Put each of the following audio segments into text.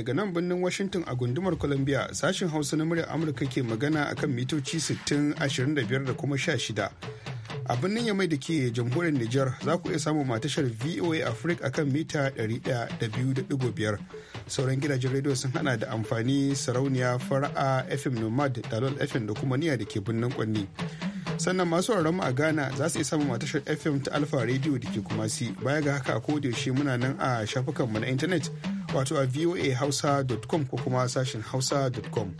daga nan birnin washington a gundumar columbia sashen hausa na muryar amurka ke magana a kan mitoci 60 25 da kuma 16 a birnin yamai da ke jamhuriyar niger za ku iya samun matashar voa africa akan mita 102.5 sauran gidajen rediyo sun hana da amfani sarauniya fara'a fm nomad dalol fm da kuma niya da ke birnin kwanni sannan masu mu a ghana za su iya samun matashar fm ta alfa radio da ke kumasi baya ga haka a yaushe muna nan a shafukanmu na intanet wato a voahausa.com ko kuma sashin hausa.com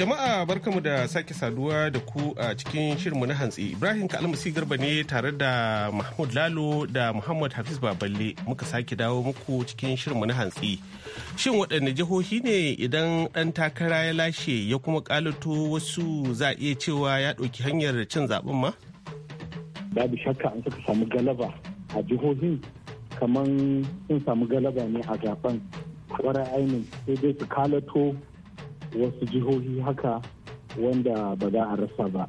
jama'a barkamu da sake saduwa da ku a cikin shirinmu na hantsi ibrahim kalmasi garba ne tare da mahmud lalo da muhammad hafiz baballe muka sake dawo muku cikin shirinmu na hantsi shin waɗanne jihohi ne idan ɗan takara ya lashe ya kuma ƙalato wasu za a iya cewa ya ɗauki hanyar cin zaɓen ma babu shakka an suka samu galaba a jihohin kamar sun samu galaba ne a zaben kwarar ainihin sai dai su kalato wasu jihohi haka wanda ba za a rasa ba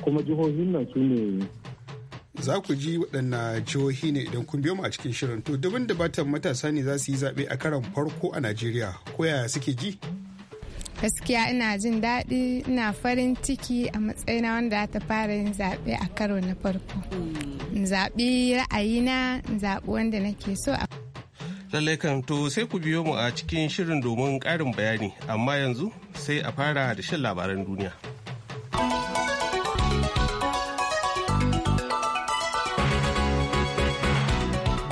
kuma jihohin nan su ne za ku ji waɗanna jihohi ne idan kun biyo mu a cikin shirin to daban da batan matasa ne za su yi zaɓe a karon farko a najeriya ko yaya suke ji gaskiya ina jin daɗi ina farin ciki a matsayina wanda ta fara yin zaɓe a karo na farko zaɓi ra'ayina zaɓi wanda nake so a Lallai to sai ku biyo mu a cikin shirin domin ƙarin bayani, amma yanzu sai a fara da shan labaran duniya.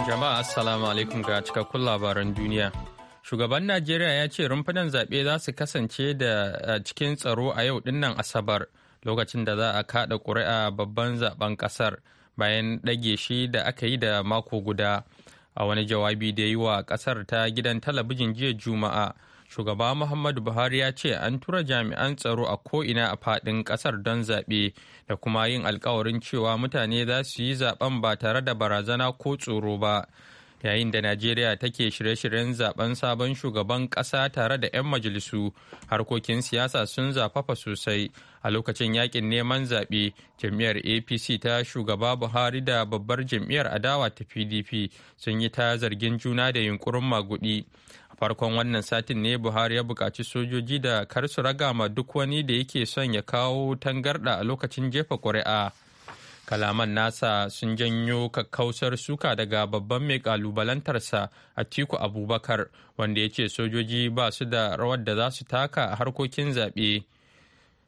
Jama'a Assalamu alaikum ga cikakkun labaran duniya. Shugaban Najeriya ya ce rumfunan zaɓe za su kasance da cikin tsaro a yau dinnan Asabar lokacin da za a kaɗa ƙuri'a babban zaben ƙasar bayan ɗage shi da aka yi da mako guda. a wani jawabi da yi wa kasar ta gidan talabijin jiya juma'a shugaba muhammadu buhari ya ce an tura jami'an tsaro a ko'ina a fadin kasar don zaɓe da kuma yin alkawarin cewa mutane za su yi zaben ba tare da barazana ko tsoro ba yayin da najeriya take shirye-shiryen zaben sabon shugaban ƙasa tare da 'yan majalisu harkokin siyasa sun zafafa sosai a lokacin yakin neman zaɓe jam'iyyar apc ta shugaba buhari da babbar jam'iyyar adawa ta pdp sun yi ta zargin juna da yunkurin magudi farkon wannan satin ne buhari ya buƙaci sojoji da kar su ragama duk wani da yake son ya kawo tangarɗa a lokacin jefa ƙuri'a. kalaman nasa sun janyo kakkausar suka daga babban mai kalubalantarsa tiku abubakar wanda ya ce sojoji ba su da rawar da za su taka a harkokin zaɓe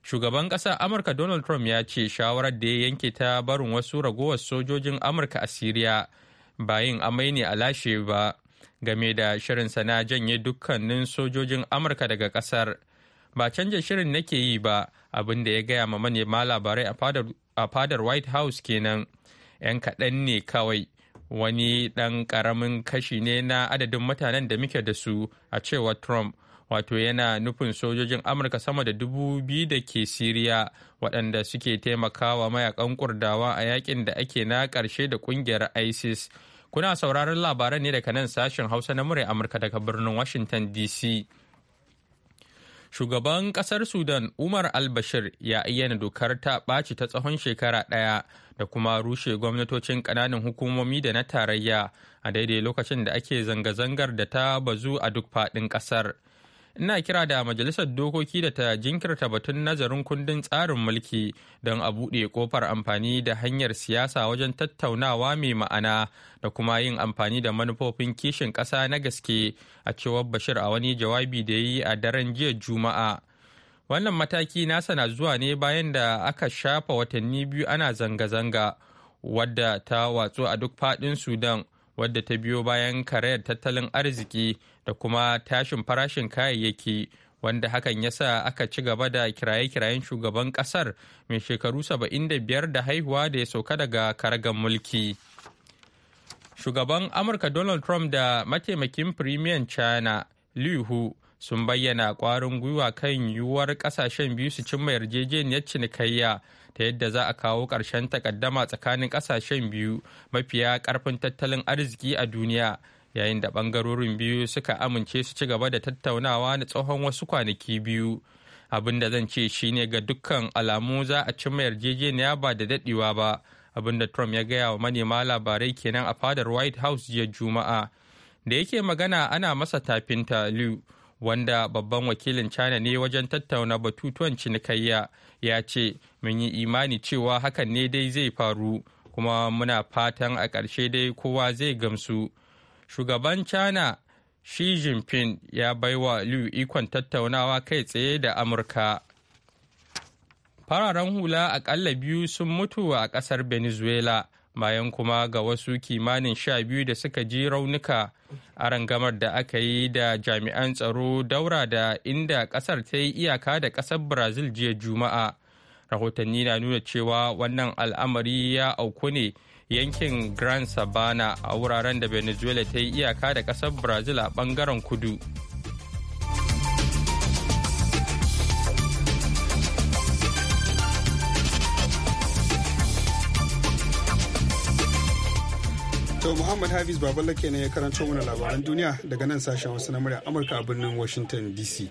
shugaban ƙasar amurka donald trump ya ce shawarar da ya yanke ta barin wasu ragowar sojojin amurka a siriya bayin amai ne a lashe ba game da shirinsa na janye dukkanin sojojin amurka daga ƙasar ba canja shirin nake yi ba abin da ya gaya ma manema labarai a fadar white house kenan yan kaɗan ne kawai wani ɗan ƙaramin kashi ne na adadin mutanen da muke da su a cewa trump wato yana nufin sojojin amurka sama da dubu biyu da ke siriya waɗanda suke taimakawa mayakan kurdawa a yakin da ake na ƙarshe da ƙungiyar isis kuna sauraron labaran ne daga nan sashen hausa na murai amurka daga birnin washington dc Shugaban ƙasar Sudan Umar al-Bashir ya ayyana dokar ta ɓaci ta tsawon shekara ɗaya da kuma rushe gwamnatocin ƙananan hukumomi da na tarayya a daidai lokacin da ake zanga-zangar da ta bazu a duk faɗin ƙasar. ina kira da majalisar dokoki da ta jinkirta batun nazarin kundin tsarin mulki don a buɗe kofar amfani da hanyar siyasa wajen tattaunawa mai ma'ana da kuma yin amfani da manufofin kishin ƙasa na gaske a cewar bashir a wani jawabi da yi a daren jiya juma'a wannan mataki nasa na zuwa ne bayan da aka shafa watanni biyu ana zanga-zanga wadda ta watsu a duk faɗin sudan wadda ta biyo bayan karayar tattalin arziki da kuma tashin farashin kayayyaki wanda hakan ya sa aka ci gaba da kiraye-kirayen shugaban kasar mai shekaru 75 da haihuwa da ya sauka daga karagan mulki. Shugaban Amurka Donald Trump da mataimakin Firimiyan China Liu Hu sun bayyana kwarin gwiwa kan yiwuwar kasashen biyu su cimma yarjejeniyar cinikayya ta yadda za a kawo ƙarshen takaddama tsakanin kasashen biyu mafiya ƙarfin tattalin arziki a duniya yayin da bangarorin biyu suka amince su ci gaba da tattaunawa na tsawon wasu kwanaki biyu abin da zan ce shine ga dukkan alamu za a cimma yarjejeniya ba da daɗewa ba abin da trump ya gaya wa manema labarai kenan a fadar white house jiya juma'a da yake magana ana masa tafin talu wanda babban wakilin china ne wajen tattauna batutuwan cinikayya ya ce mun yi imani cewa hakan ne dai zai faru kuma muna fatan a ƙarshe dai kowa zai gamsu shugaban china Xi Jinping ya bai wa Liu ikon tattaunawa kai tsaye da Amurka. Fararen hula akalla biyu sun mutu a ƙasar Venezuela bayan kuma ga wasu kimanin sha biyu da suka ji raunuka a rangamar da aka yi da jami'an tsaro daura da inda ƙasar ta yi iyaka da ƙasar Brazil jiya Juma'a. Rahotanni na nuna cewa wannan al'amari ya auku ne yankin Grand Sabana a wuraren da Venezuela ta yi iyaka da kasar Brazil a bangaren kudu. To Muhammad Hafiz Babalake ne ya karanto mana labaran duniya daga nan sashen wasu na murya Amurka a birnin Washington DC.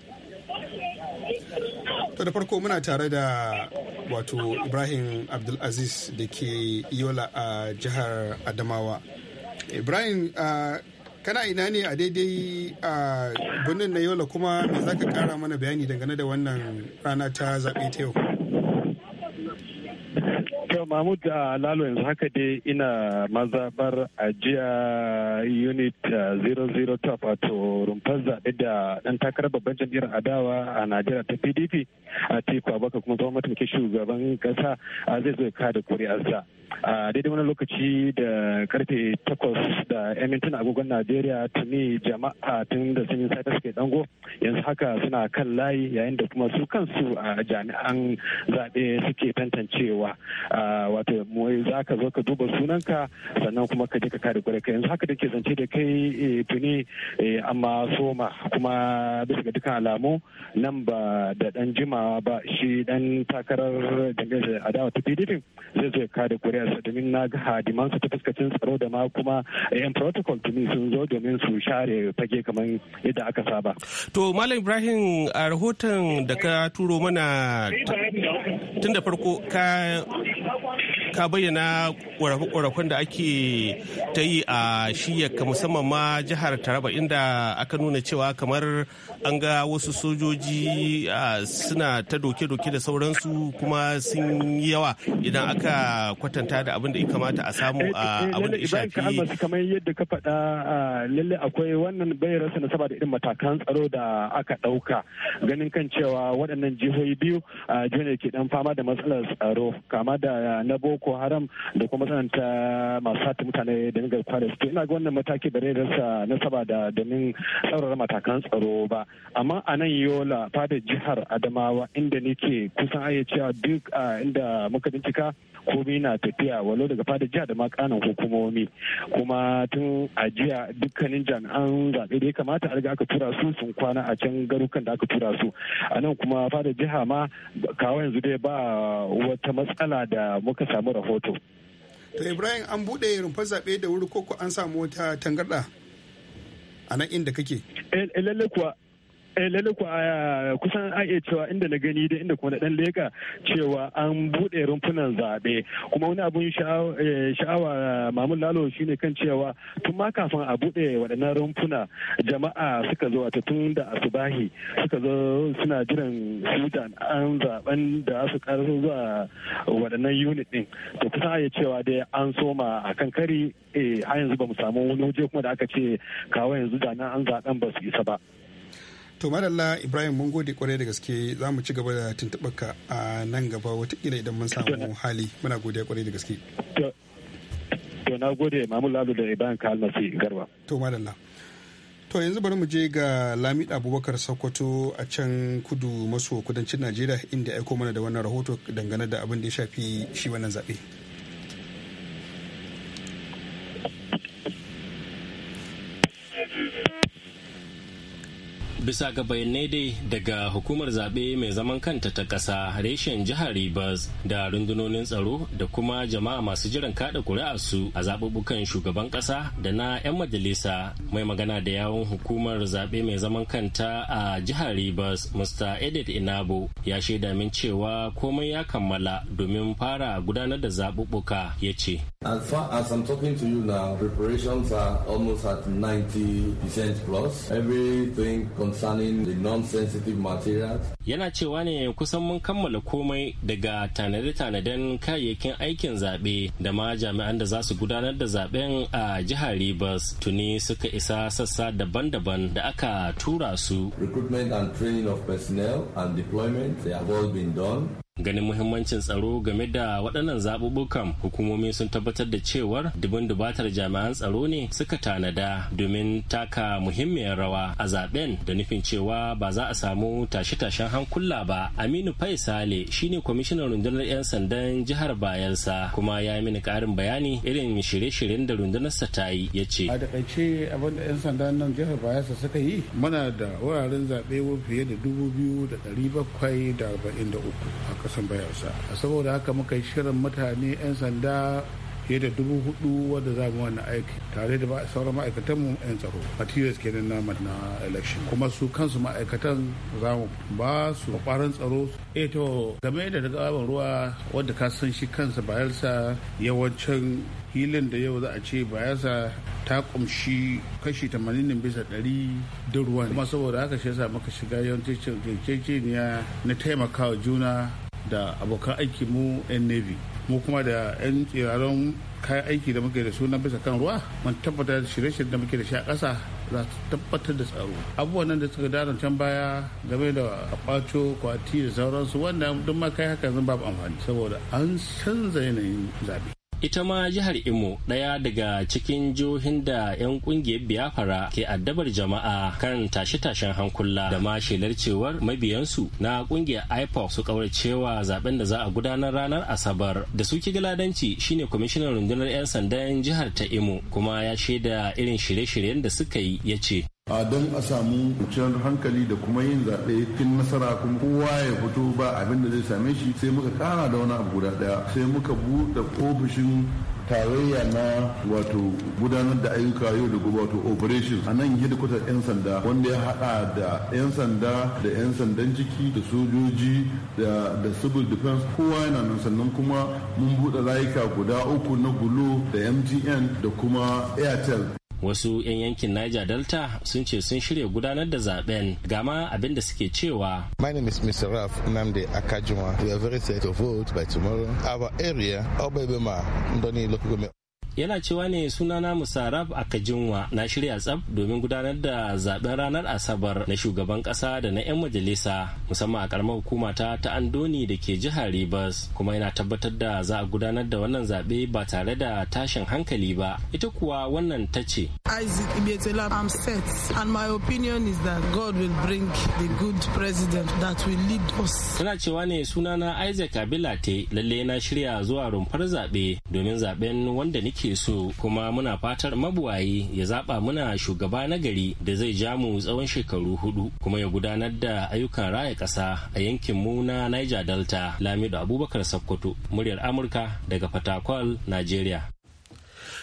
To da farko muna tare da wato Ibrahim Abdulaziz da ke Yola a jihar Adamawa. Ibrahim kana ina ne a daidai a birnin na Yola kuma me za ka kara mana bayani dangane da wannan rana ta zaɓe ta yau? yau Mahmud Lalo yanzu haka dai ina mazabar ajiya unit 002 uh, wato rumfar zaɓe da ɗan takarar babban jam'iyyar adawa a Najeriya ta PDP a Tiku Abaka kuma zama mataimakin shugaban ƙasa uh, zai zo kada kuri'arsa. a daidai wani lokaci da karfe takwas da yan mintuna agogon najeriya tuni jama'a tun da sun yi sata suke dango yanzu haka suna kan layi yayin da kuma su kansu a jami'an zaɓe suke tantancewa wato za ka zo ka duba sunanka sannan kuma ka je ka kare kwarai yanzu haka da ke zance da kai eh, tuni eh, amma soma kuma bisa ga dukkan alamu nan ba da dan jimawa ba shi dan takarar da adawa ta pdp zai zo ya kare kwarai areas domin na ga su ta fuskacin tsaro da ma kuma yan protocol tuni sun zo domin su share fage kamar yadda aka saba. To Malam Ibrahim a rahoton da ka turo mana tun da farko ka ka bayyana ƙorafe da ake ta yi a shiyarka musamman ma jihar taraba inda aka nuna cewa kamar an ga wasu sojoji suna ta doke-doke da sauransu kuma sun yi yawa idan aka kwatanta da abin da ya kamata a samu eh, a eh, eh, abin da ya shafi kamar yadda ka faɗa lalle akwai wannan bai rasa da irin matakan tsaro da aka ɗauka ganin kan cewa waɗannan jihohi biyu jihohi ke dan fama da matsalar tsaro kama da na boko boko haram da kuma tsananta masu sata mutane da nigar kwada suke ina ga wannan mataki ba rai na nasaba da domin tsaurara matakan tsaro ba amma a nan yola fadar jihar adamawa inda nake kusan aya duk ah, inda muka bincika komai na tafiya walau daga fada jiha da ma kanan hukumomi kuma tun a jiya dukkanin jami'an zaɓe da ya kamata a riga aka tura su sun kwana a can garukan da aka tura su a nan kuma fada jiha ma kawo yanzu dai ba wata matsala da muka samu rahoto. to ibrahim an buɗe rumfar zaɓe da wuri koko an samu wata tangarɗa a nan inda kake. Eh, eh, eh lalle ku kusan a iya cewa inda na gani da inda kuma na dan leka cewa an bude rumfunan zabe kuma wani abun sha'awa eh, mamun lalo shine kan cewa tun ma kafin a bude waɗannan rumfuna jama'a suka zo wato tun da asubahi suka zo suna jiran su da an zaben da su karfi zuwa waɗannan unit din to kusan a iya cewa dai an soma a kan kari eh, a yanzu ba mu samu wani waje kuma da aka ce kawo yanzu da na an zaben ba su isa ba to madalla ibrahim mun gode kwarai da gaske za mu ci gaba da tuntuɓar ka a nan gaba watakila idan mun samu hali muna godiya kwarai da gaske to na gode mamu lalu da ibrahim ka almasi garba to madalla to yanzu bari mu je ga lamid abubakar sokoto a can kudu maso kudancin najeriya inda aiko mana da wannan rahoto dangane da abin da ya shafi shi wannan zaɓe. bisa ga bayanai dai daga hukumar zaɓe mai zaman kanta ta ƙasa reshen jihar rivers da rundunonin tsaro da kuma jama'a masu jiran kada su a zaɓuɓɓukan shugaban ƙasa da na 'yan majalisa mai magana da yawon hukumar zaɓe mai zaman kanta a jihar rivers mr edith inabo ya shaida min cewa komai ya kammala domin fara gudanar da zaɓuɓɓuka ya ce As far as I'm talking to you now, preparations are almost at 90% plus. Everything concerning the non-sensitive materials. Yana cewa ne kusan mun kammala komai daga tanade-tanaden kayayyakin aikin zaɓe da ma jami'an da za su gudanar da zaɓen a jihar Rivers tuni suka isa sassa daban-daban da aka tura su. Recruitment and training of personnel and deployment they have all been done. ganin muhimmancin tsaro game da waɗannan zaɓuɓɓukan hukumomi sun tabbatar da cewar dubin dubatar jami'an tsaro ne suka tanada domin taka muhimmiyar rawa a zaɓen da nufin cewa ba za a samu tashe-tashen hankula ba aminu faisale shine kwamishinan rundunar 'yan sandan jihar bayelsa kuma ya yi mini ƙarin bayani irin shirye-shiryen da rundunarsa ta yi ya ce a takaice abin da 'yan sandan nan jihar bayelsa suka yi muna da wuraren zaɓe fiye da dubu biyu da ɗari bakwai da arba'in da uku kasan bayarsa saboda haka muka yi shirin mutane 'yan sanda fiye da dubu hudu wadda za mu wannan aiki tare da sauran ma'aikatan mu yan tsaro materials ke na na election kuma su kansu ma'aikatan za mu ba su kwarin tsaro eh to game da gaban ruwa wadda ka san shi kansa bayarsa yawancin filin da yau za a ce bayansa ta kumshi kashi 80 bisa 100 da ruwa kuma saboda haka shi yasa muka shiga yawancin kekeniya na taimakawa juna da abokan aiki mu 'yan navy mu kuma da 'yan tsiraron kayan aiki da muke da su na bisa kan ruwa mun tabbatar da shirye-shirye da muke da shi a ƙasa za su tabbatar da tsaro abubuwan nan da suka dara can baya game da kwaco kwati da sauransu wanda duk ma kai haka zan babu amfani saboda an canza yanayin zabe ita ma jihar imo ɗaya daga cikin jihohin da 'yan ƙungiyar biyafara ke addabar jama'a kan tashe-tashen hankula da ma shelar cewar mabiyansu na ƙungiyar ipoc su cewa zaben da za a gudanar ranar asabar da su giladanci shine kwamishinan rundunar 'yan sandan jihar ta imo kuma ya shaida irin shirye-shiryen da suka yi ya ce a don a samu kwanciyar hankali da kuma yin zaɓe tun nasara kuma kowa ya fito ba abin da zai same shi sai muka kara da wani abu guda ɗaya sai muka buɗe ofishin tarayya na wato gudanar da ayyuka yau da gobe wato operation a nan yi da 'yan sanda wanda ya haɗa da 'yan sanda da 'yan sandan ciki da sojoji da civil defense kowa yana nan sannan kuma mun buɗe layuka guda uku na gulo da mtn da kuma airtel wasu 'yan yankin niger delta sun ce sun shirya gudanar da zaben gama abin da suke cewa my name is mr raf namde akajuma we are very set to vote by tomorrow our area obebema ndoni local yana cewa ne sunana musarab akajinwa na shirya tsab domin gudanar da zaɓen ranar asabar na shugaban ƙasa da na 'yan majalisa musamman a karamar hukuma ta ta andoni da ke jihar ribas kuma yana tabbatar da za a gudanar da wannan zaɓe ba tare da tashin hankali ba ita kuwa wannan ta ce isaac ibetela set and my opinion is that god will bring the good president that will lead us tana cewa ne sunana isaac abilate lalle na shirya zuwa rumfar zaɓe domin zaɓen wanda nake muke so kuma muna fatar mabuwaye ya zaba muna shugaba na gari da zai ja mu tsawon shekaru hudu kuma ya gudanar da ayyukan raya ƙasa a yankin mu na Niger Delta Lamido Abubakar Sokoto muryar Amurka daga Fatakwal Nigeria.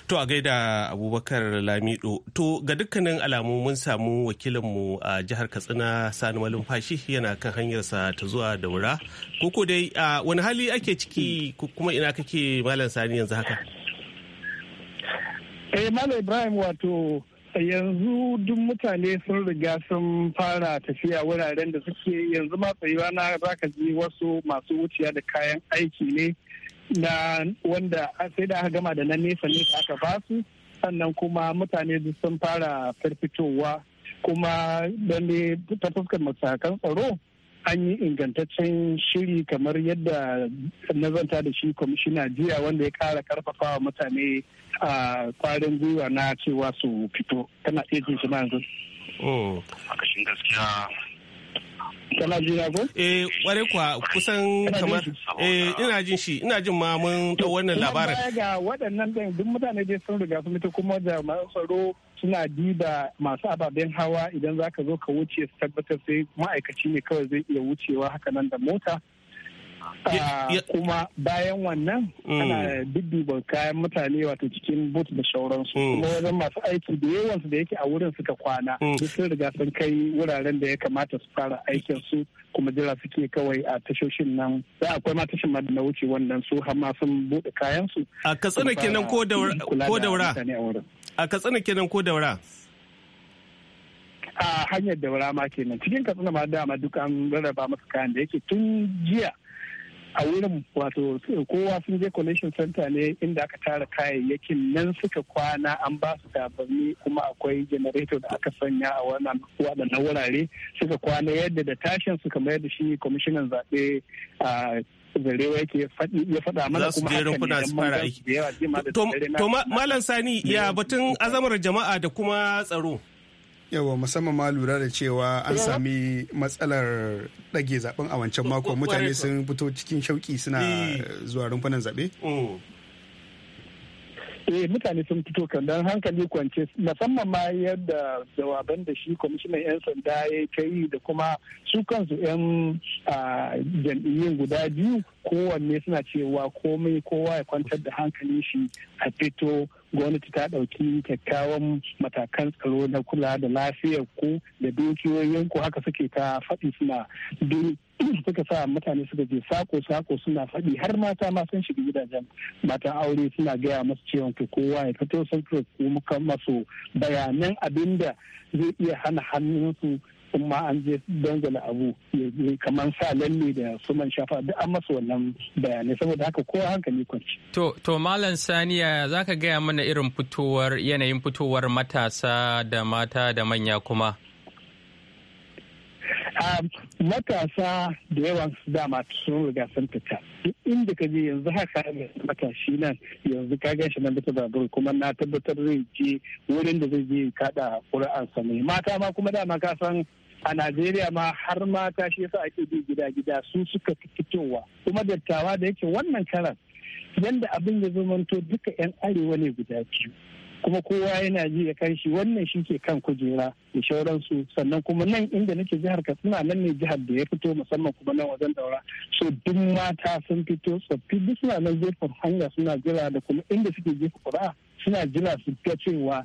To a gaida Abubakar Lamido. To ga dukkanin alamu mun samu mu a jihar Katsina Sani Malumfashi yana kan hanyarsa ta zuwa da ko Koko dai wani hali ake ciki kuma ina kake Malam Sani yanzu haka? eh malam ibrahim wato yanzu duk mutane sun riga sun fara tafiya wuraren da suke yanzu ma tsayuwa na zaka ji wasu masu wuciya da kayan aiki ne na wanda sai da aka gama da na nesa nesa aka ba su. sannan kuma mutane duk sun fara firfitowa kuma don ta fuskar matakan tsaro an yi ingantaccen shiri kamar yadda nazanta da shi kwamishina jiya wanda ya kara karfafa wa mutane a kwarin gwiwa na cewa su fito kana ɗaya jin shi na yanzu. Oh. gaskiya kana jina ko? Eh ware kwa kusan kamar eh ina jin shi ina jin ma mun wannan labarin. Ina ga waɗannan ɗin duk mutane dai sun riga sun fito kuma jami'an tsaro suna diba masu ababen hawa idan za ka zo ka wuce su tabbatar sai ma'aikaci ne kawai zai iya wucewa haka nan da mota ah, kuma bayan wannan mm. ana dudduba kayan mutane wato cikin boot da sauransu mm. kuma wajen masu aiki da yawansu da yake a wurin suka kwana mm. sun riga sun kai wuraren da ya kamata su fara aikin su kuma jira suke kawai a tashoshin nan za matashin ma na wuce wannan su har ma sun bude kayan su a katsina kenan ko daura a katsina kenan ko daura a hanyar daura ma kenan cikin katsina ma dama duk an rarraba masa kayan da yake tun jiya a wurin wato kowa sun je collection center ne inda aka tara kayayyakin nan suka kwana an ba su tabarni kuma akwai generator da aka sanya a wannan waɗannan wurare suka kwana yadda da tashin suka mayar da shi kwamishinan zaɓe zarewa yake ya faɗa mana kuma hakan ne su to malam sani ya batun azamar jama'a da kuma tsaro yawa musamman ma lura da cewa an sami matsalar ɗage zaben a wancan mako mutane sun fito cikin shauki suna eh. zuwa rumfunan zaɓe mm. eh mutane sun fito kan dan hankali kwance musamman ma yadda jawaban da shi kwamishinan 'yan sanda ya ta da kuma su kansu 'yan jam'iyyun guda biyu kowanne suna cewa komai kowa ya kwantar da hankali shi a fito gwamnati ta ɗauki kyakkyawan matakan tsaro na kula da lafiyar ku da dukiyoyin ku haka suke ta faɗi suna suka sa mutane suka je sako-sako suna faɗi har mata ma sun shiga gidajen matan aure suna gaya masu cewa ke kowa ya fito sun muka masu bayanan abinda zai iya hana hannunsu in ma an je dangala abu kamar sa lalle da su man shafa duk an masu wannan bayanai saboda haka kowa hankali kwanci. To, to Malam Saniya za ka gaya mana irin fitowar yanayin fitowar matasa da mata da manya kuma? Um, matasa da yawan su dama sun riga sun fita duk inda ka je yanzu haka matashi nan yanzu ka gashi na nan bisa babur kuma na tabbatar zai je wurin da zai je kada sa ne mata ma kuma dama ka san a Najeriya ma har mata shi yasa ake bi gida-gida su suka fitowa kuma dattawa da yake wannan karan yanda abin ya zumanto duka 'yan arewa ne guda biyu kuma kowa yana ji ya kai shi wannan shi ke kan kujera da shauransu sannan kuma nan inda nake jihar katsina nan ne jihar da ya fito musamman kuma nan wajen daura so duk mata sun fito tsoffi duk suna nan gefen hanya suna jira da kuma inda suke jefa kura suna jira su ga cewa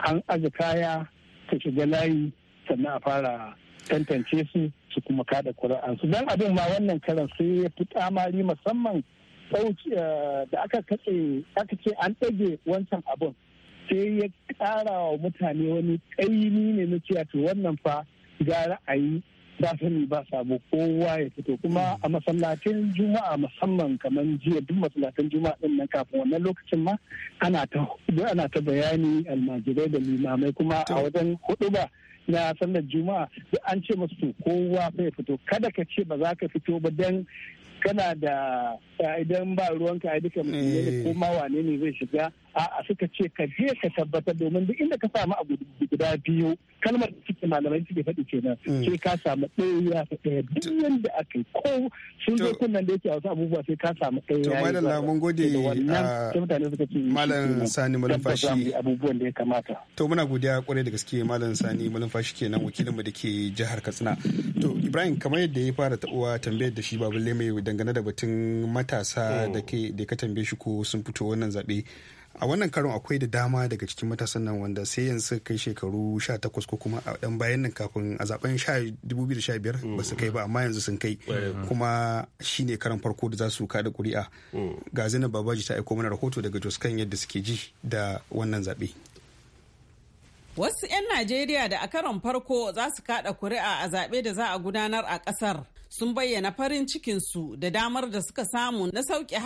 an aje kaya ta shiga layi sannan a fara tantance su su kuma kada kura'an su don abin ma wannan karan sai ya fi kamari musamman eh, da aka katse ce an ɗage wancan abun sai ya kara wa mutane wani kaini ne na cewa to wannan fa ga ra'ayi ba sani ba sabo kowa ya fito kuma a masallacin juma'a musamman kamar jiya duk masallacin juma'a din nan kafin wannan lokacin ma ana ta ana ta bayani almajirai da limamai kuma a wajen hudu ba na sallar juma'a duk an ce musu kowa fa ya fito kada ka ce ba za ka fito ba dan kana da idan ba ruwanka ai duka mutum ne eh. ko ma wane ne zai shiga a'a suka ce ka je ka tabbatar domin duk inda ka samu abu guda biyu kalmar da suke malamai suke faɗi kenan mm. sai ka samu ɗaya ya fi ɗaya duk yadda aka yi ko sun zo kunnan da yake a wasu abubuwa sai ka samu ɗaya ya yi to mun gode ah, mutane suka ce malam sani malumfashi abubuwan da ya kamata to muna godiya kwarai da gaske malam sani malumfashi kenan wakilin mu da ke jihar katsina to ibrahim kamar yadda ya fara taɓuwa tambayar da shi babu lemai dangane da batun matasa mm. da ka tambaye shi ko sun fito wannan zaɓe a wannan karon akwai da dama daga cikin matasan nan wanda sai yanzu kai shekaru 18 ko kuma a dan bayan nan kafin a zaben 2015 ba su kai ba amma yanzu sun kai kuma shine karon farko da za su kada kuri'a mm. ga zina babaji ta aiko mana rahoto daga jos kan yadda suke ji da wannan zaɓe. wasu 'yan najeriya da a karon farko za su kada kuri'a a zaɓe da za a gudanar a kasar sun bayyana farin cikinsu da damar da suka samu na sauke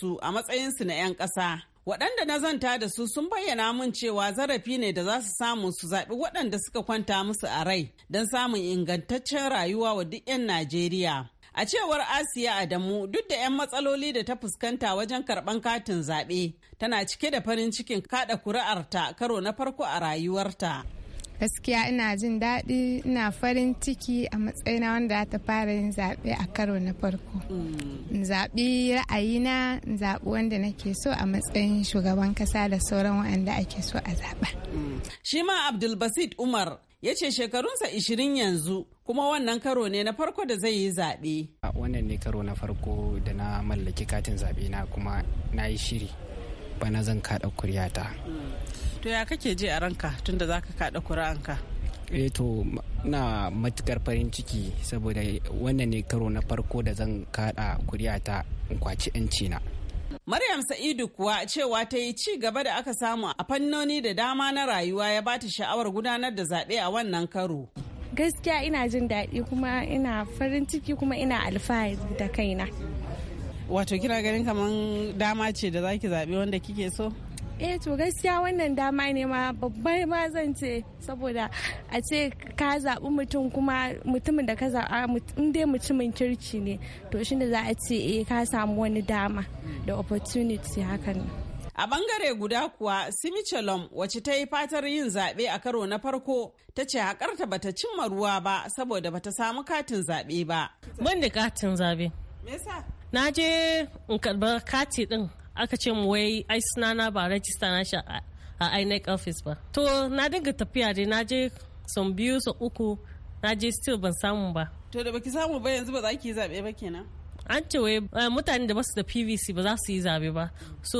su a matsayin su na 'yan ƙasa Waɗanda na zanta da su sun bayyana mun cewa zarafi ne da za su samu su zaɓi waɗanda suka kwanta musu a rai don samun ingantaccen rayuwa wa duk 'yan Najeriya. A cewar Asiya Adamu duk da 'yan matsaloli da ta fuskanta wajen karɓan katin zaɓe tana cike da farin cikin kaɗa kuri'arta karo na farko a rayuwarta. gaskiya ina jin daɗi ina farin ciki a matsayina wanda ta fara yin zaɓe a karo na farko in zaɓi ra'ayina in zaɓi wanda nake so a matsayin shugaban ƙasa da sauran waɗanda ake so a zaɓa shi ma abdulbasit umar ya ce shekarunsa ishirin yanzu kuma wannan karo ne na farko da zai yi zaɓe. wannan ne karo na farko da na mallaki katin zaɓe na kuma na yi shiri bana zan kaɗa kuryata. To ya kake ji a ranka tunda za ka kaɗa kuri'anka? Eh to na matukar farin ciki saboda wannan ne karo na farko da zan kaɗa kuryata in kwaci 'yanci na. Maryam Sa'idu kuwa cewa ta yi ci gaba da aka samu a fannoni da dama na rayuwa ya bata sha'awar gudanar da zaɓe a wannan karo. Gaskiya ina jin daɗi kuma ina farin ciki kuma ina alfahari da kaina. wato kina ganin kaman dama ce da zaki zaɓi wanda kike so eh to gaskiya wannan dama ne ma babbar ma zan ce saboda a ce ka zaɓi mutum kuma mutumin da ka zaɓa in dai mutumin kirki ne to shi da za a ce eh ka samu wani dama da opportunity hakan a bangare guda kuwa simi chalom wacce ta yi fatar yin zaɓe a karo na farko ta ce haƙarta bata cimma ruwa ba saboda bata samu katin zaɓe ba ban da katin zaɓe me yasa na je in karba kati din aka ce mu wai ai sunana ba rajista na shi a inec office ba to na dinga tafiya dai na je son biyu son uku na je still ban samu ba to da baki samu ba yanzu ba za ki zaɓe ba kenan an ce wai eh, mutane da basu da pvc ba za su yi zabe ba so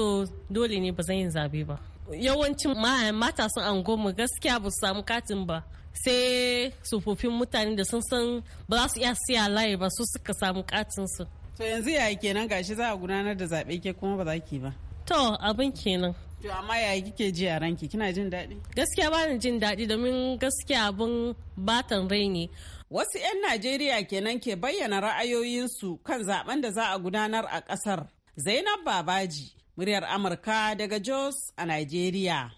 dole ne ba zan yi zabe ba yawancin mata sun goma gaskiya ba su samu katin ba sai tsofaffin mutane da sun san ba za su iya siya layi ba su suka samu katin su To yanzu yi kenan gashi za a gudanar da zaɓe ke kuma ba za ki ba. To abin kenan. To amma yaya kike ji a ranki kina jin daɗi? Gaskiya ba ni jin daɗi domin gaskiya abin batan rai ne. Wasu 'yan Najeriya kenan ke bayyana ra'ayoyinsu kan zaben da za a gudanar a ƙasar. Zainab Babaji, muryar Amurka daga Jos a Najeriya.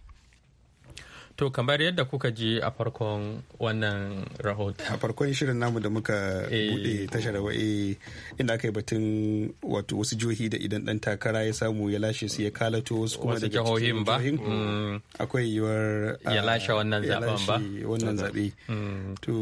To kamar yadda kuka ji a farkon wannan rahoto. A farkon shirin namu da muka eh. bude tashar wa'i eh, inda aka yi batun wato wasu jihohi da idan dan takara ya samu ya lashe su ya kalato wasu kuma daga jihohin ba. Mm. Akwai yiwuwar ya ah, lashe wannan zaben ba. Wannan mm. zabe. Mm. To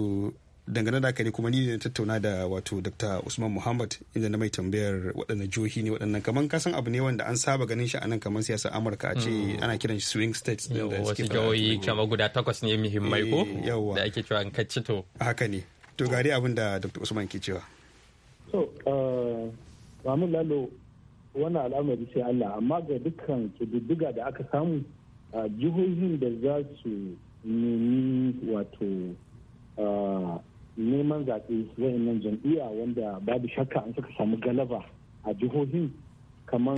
dangane da haka ne kuma ni ne tattauna da wato dr usman muhammad inda na mai tambayar waɗannan jihohi ne waɗannan kamar kasan abu ne wanda an saba ganin shi a nan kamar siyasar amurka a ce mm. ana kiran shi swing states da wasu jihohi kamar guda takwas ne muhimmai ko eh, da ake cewa an kacci to haka ne to gari abin da dr usman ke cewa so eh, mamun lalo wannan al'amari sai allah amma ga dukkan kididdiga da aka samu jihohin da za su nemi wato neman zaɓe wayannan jam'iyya wanda babu shakka an suka samu galaba a jihohin kamar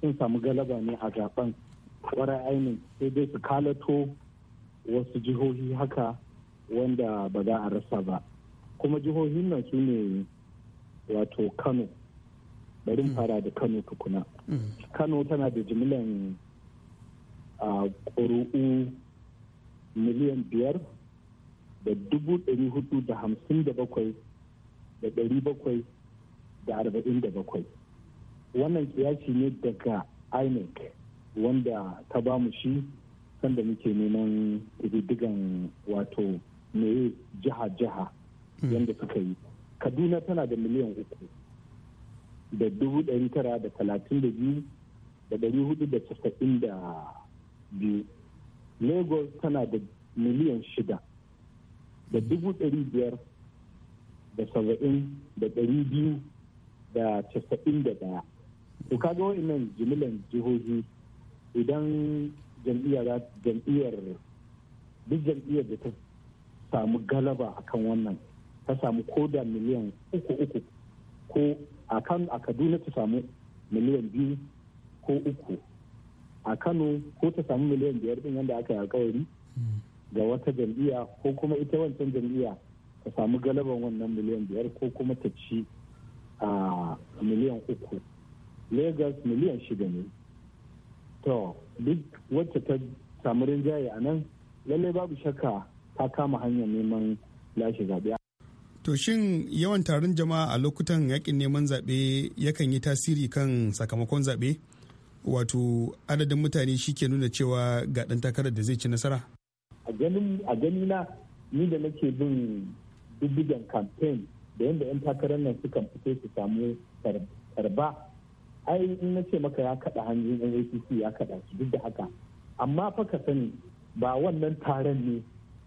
sun samu galaba ne a zaben kwarar ainihin sai dai su kalato wasu jihohi haka wanda ba za a rasa ba kuma jihohin nan su ne wato kano bari mm. fara da kano tukuna mm. kano tana da jimilan ah, ƙuri'u miliyan biyar da dubu ɗari hudu da hamsin da bakwai da ɗari bakwai da arba'in da bakwai wannan kiyashi ne daga inec wanda ta ba mu shi sanda muke neman ƙididdigan wato mai jiha-jiha hmm. yadda suka yi kaduna tana da miliyan uku da dubu ɗari tara da talatin da biyu da ɗari hudu da casa'in da biyu lagos tana da miliyan shida da dubu ɗari biyar da saba'in da ɗari biyu da casa'in da ɗaya to kaga wa'annan jimilan jihohi idan jam'iyyar duk jam'iyyar da ta samu galaba a kan wannan ta samu ko da miliyan uku uku ko a kaduna ta samu miliyan biyu ko uku a kano ko ta samu miliyan biyar ɗin yadda aka yi alkawari ga wata jam'iyya ko kuma ita wancan jam'iyya ta samu galaban wannan miliyan biyar ko kuma ta ci a miliyan uku lagos miliyan shida ne to duk wacce ta samu rinjaye a nan lallai babu shakka ta kama hanyar neman lashe zaɓe. To shin yawan taron jama'a a lokutan yakin neman zaɓe yakan yi tasiri kan sakamakon zaɓe? Wato adadin mutane shi ke nuna cewa ga ɗan takarar da zai ci nasara? a gani na ni da nake bin diddigan campaign da yadda 'yan takarar nan sukan fito su samu karba ai in na ce maka ya kaɗa yan NACC ya kaɗa su duk da haka amma fa ka sani ba wannan taron ne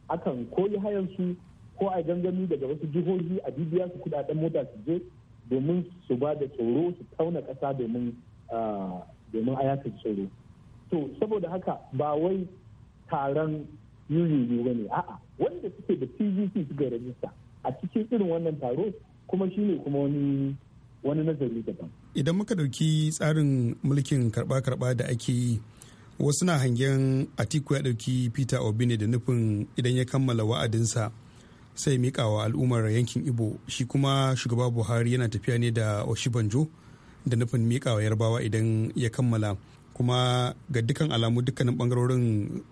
akan koyi hayan su ko a gangami daga wasu jihohi a bibiya su kudaden mota su je domin su ba da tsoro su tauna kasa domin domin ayatar tsoro to saboda haka ba wai taron yuyu ba ne a'a wanda suke da pvc suka rajista a cikin irin wannan taro kuma shine kuma wani wani nazari daban idan muka dauki tsarin mulkin karba-karba da ake yi wasu na hangen atiku ya dauki peter obi ne da nufin idan ya kammala wa'adinsa sai mika wa al'ummar yankin ibo shi kuma shugaba buhari yana tafiya ne da oshibanjo da nufin mika wa yarbawa idan ya kammala kuma ga dukkan alamu dukkanin bangarorin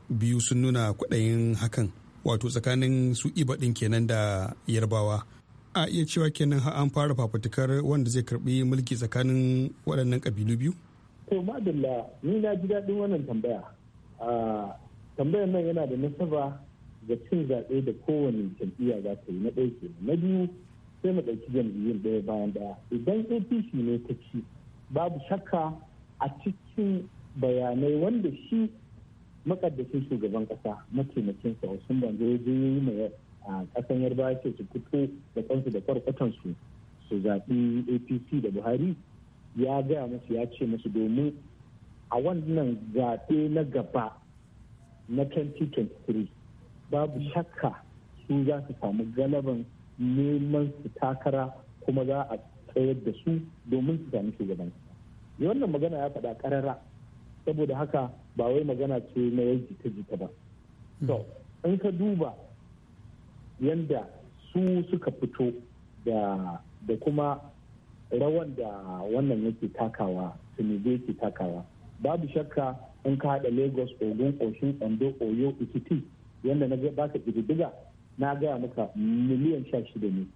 biyu sun nuna kwaɗayin hakan wato tsakanin su iba ɗin kenan da yarbawa a iya cewa kenan ha an fara fafutukar wanda zai karbi mulki tsakanin waɗannan kabilu biyu to madalla ni na ji daɗin wannan tambaya tambayar nan yana da nasaba ga cin zaɓe da kowane jam'iyya za ta yi na ɗaya kenan na biyu sai mu ɗauki jam'iyyar ɗaya bayan ɗaya idan apc ne ta ci babu shakka a cikin bayanai wanda shi makaddashin shugaban kasa mataimakin sa sun banzo ya yi mai a kasan yarba ce su fito da kansu da kwarkwatan su su zaɓi apc da buhari ya gaya musu ya ce musu domin a wannan zaɓe na gaba na 2023 babu shakka su za su samu galaban neman su takara kuma za a tsayar da su domin su sami shugaban wannan magana ya faɗa ƙarara saboda haka ba wai magana ce na yanki ta jita ba to in ka duba yanda su suka fito da kuma rawan da wannan yake takawa sinibe yake takawa babu shakka in ka haɗa lagos ogun oshin ondo oyo ikiti yadda na ba baka ƙididdiga na gaya maka miliyan sha shida ne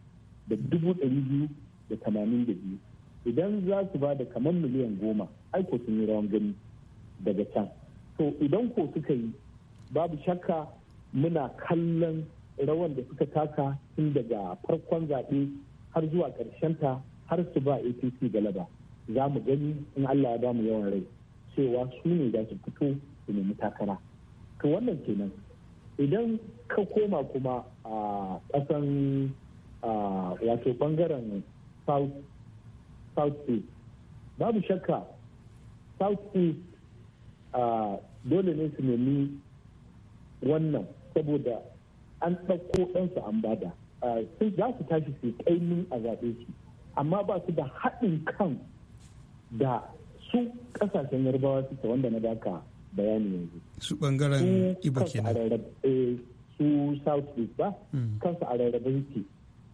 da dubu ɗari biyu da tamanin da biyu idan za su ba da kamar miliyan goma aiko sun yi rawan gani daga can to idan ko suka yi babu shakka muna kallon rawan da suka taka tun daga farkon zaɓe har zuwa ƙarshen ta har su ba apc galaba za mu gani in allah ya ba mu yawan rai cewa su ne za su fito su nemi takara to wannan kenan idan ka koma kuma a ƙasan wato bangaren south south babu shakka south east a dole ne su nemi wannan saboda an ɗauko ɗansu an bada sun za su tashi su ƙaimi a zaɓe shi amma ba su da haɗin kan da su ƙasashen yarbawa ta wanda na daka bayani yanzu su ɓangaren ibo kenan eh, su south east ba hmm. kansu a rarrabe yake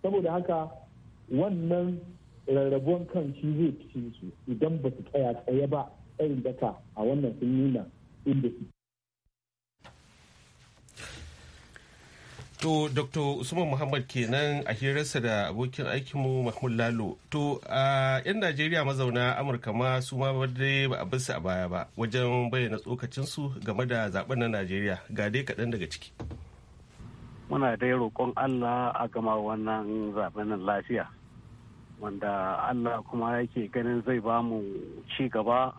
saboda haka wannan rarrabuwan kan shi zai fi su idan ba su tsaya tsaye ba tsayin daka a wannan sun nuna inda su. To, Dr. Usman Muhammad kenan a hirarsa da abokin aikinmu Mahmud Lalo. To, a 'yan Najeriya mazauna Amurka ma su ma ba a su a baya ba wajen bayyana tsokacinsu game da zaben na Najeriya ga dai kaɗan daga ciki. Muna dai roƙon Allah a gama wannan zaben lafiya. wanda Allah kuma yake ganin zai ba mu ci gaba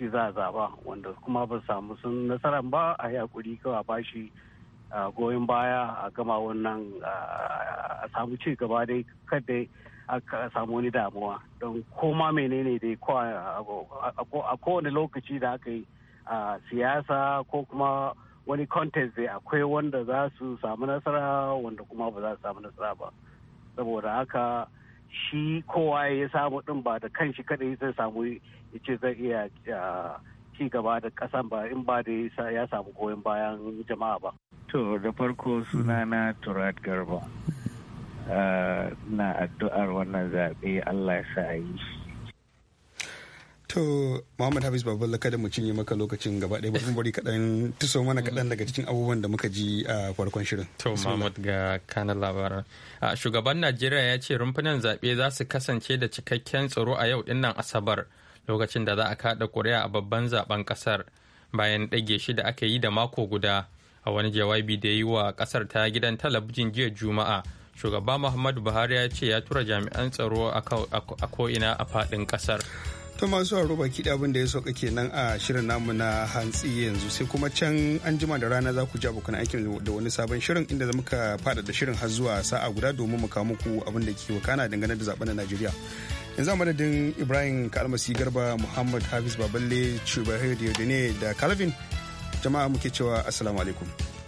shi za a zaba wanda kuma ba samu sun nasara ba a yakuri kawai ba shi goyon baya a gama wannan a samu ci gaba dai kada a samu wani damuwa don koma menene dai a kowane lokaci da aka yi a siyasa ko kuma wani contest dai akwai wanda za su samu nasara wanda kuma ba za su samu nasara ba saboda haka shi kowa ya samu din ba da kanshi kadai zai samu ya zai iya ci gaba da kasan ba in ba da ya samu koyon bayan jama'a ba. To da farko sunana Turat Garba. Ah, na addu'ar wannan zaɓe Allah ya sa yi shi To Muhammad Hafiz Baballa da mu cinye maka lokacin gaba ɗaya bari bari kaɗan tuso mana kaɗan daga cikin abubuwan da muka ji a farkon shirin. To Muhammad ga kanan labaran. Shugaban Najeriya ya ce rumfunan zaɓe za su kasance da cikakken tsaro a yau dinnan Asabar lokacin da za a kaɗa ƙuri'a a babban zaben ƙasar bayan ɗage shi da aka yi da mako guda a wani jawabi da yi wa ƙasar ta gidan talabijin jiya Juma'a. Shugaba Muhammadu Buhari ya ce ya tura jami'an tsaro a ko'ina a faɗin ƙasar. ta masu haro baki da abin da ya sauka kenan a shirin namu na hantsi yanzu sai kuma can an jima da rana za ku ji abokan aikin da wani sabon shirin inda za muka da shirin har zuwa sa'a guda domin mu kawo muku abin da ke wakana dangane da zaben na Najeriya. Yanzu a madadin Ibrahim Kalmasi Garba Muhammad Hafiz Baballe Chubahir Diodene da Calvin jama'a muke cewa assalamu alaikum.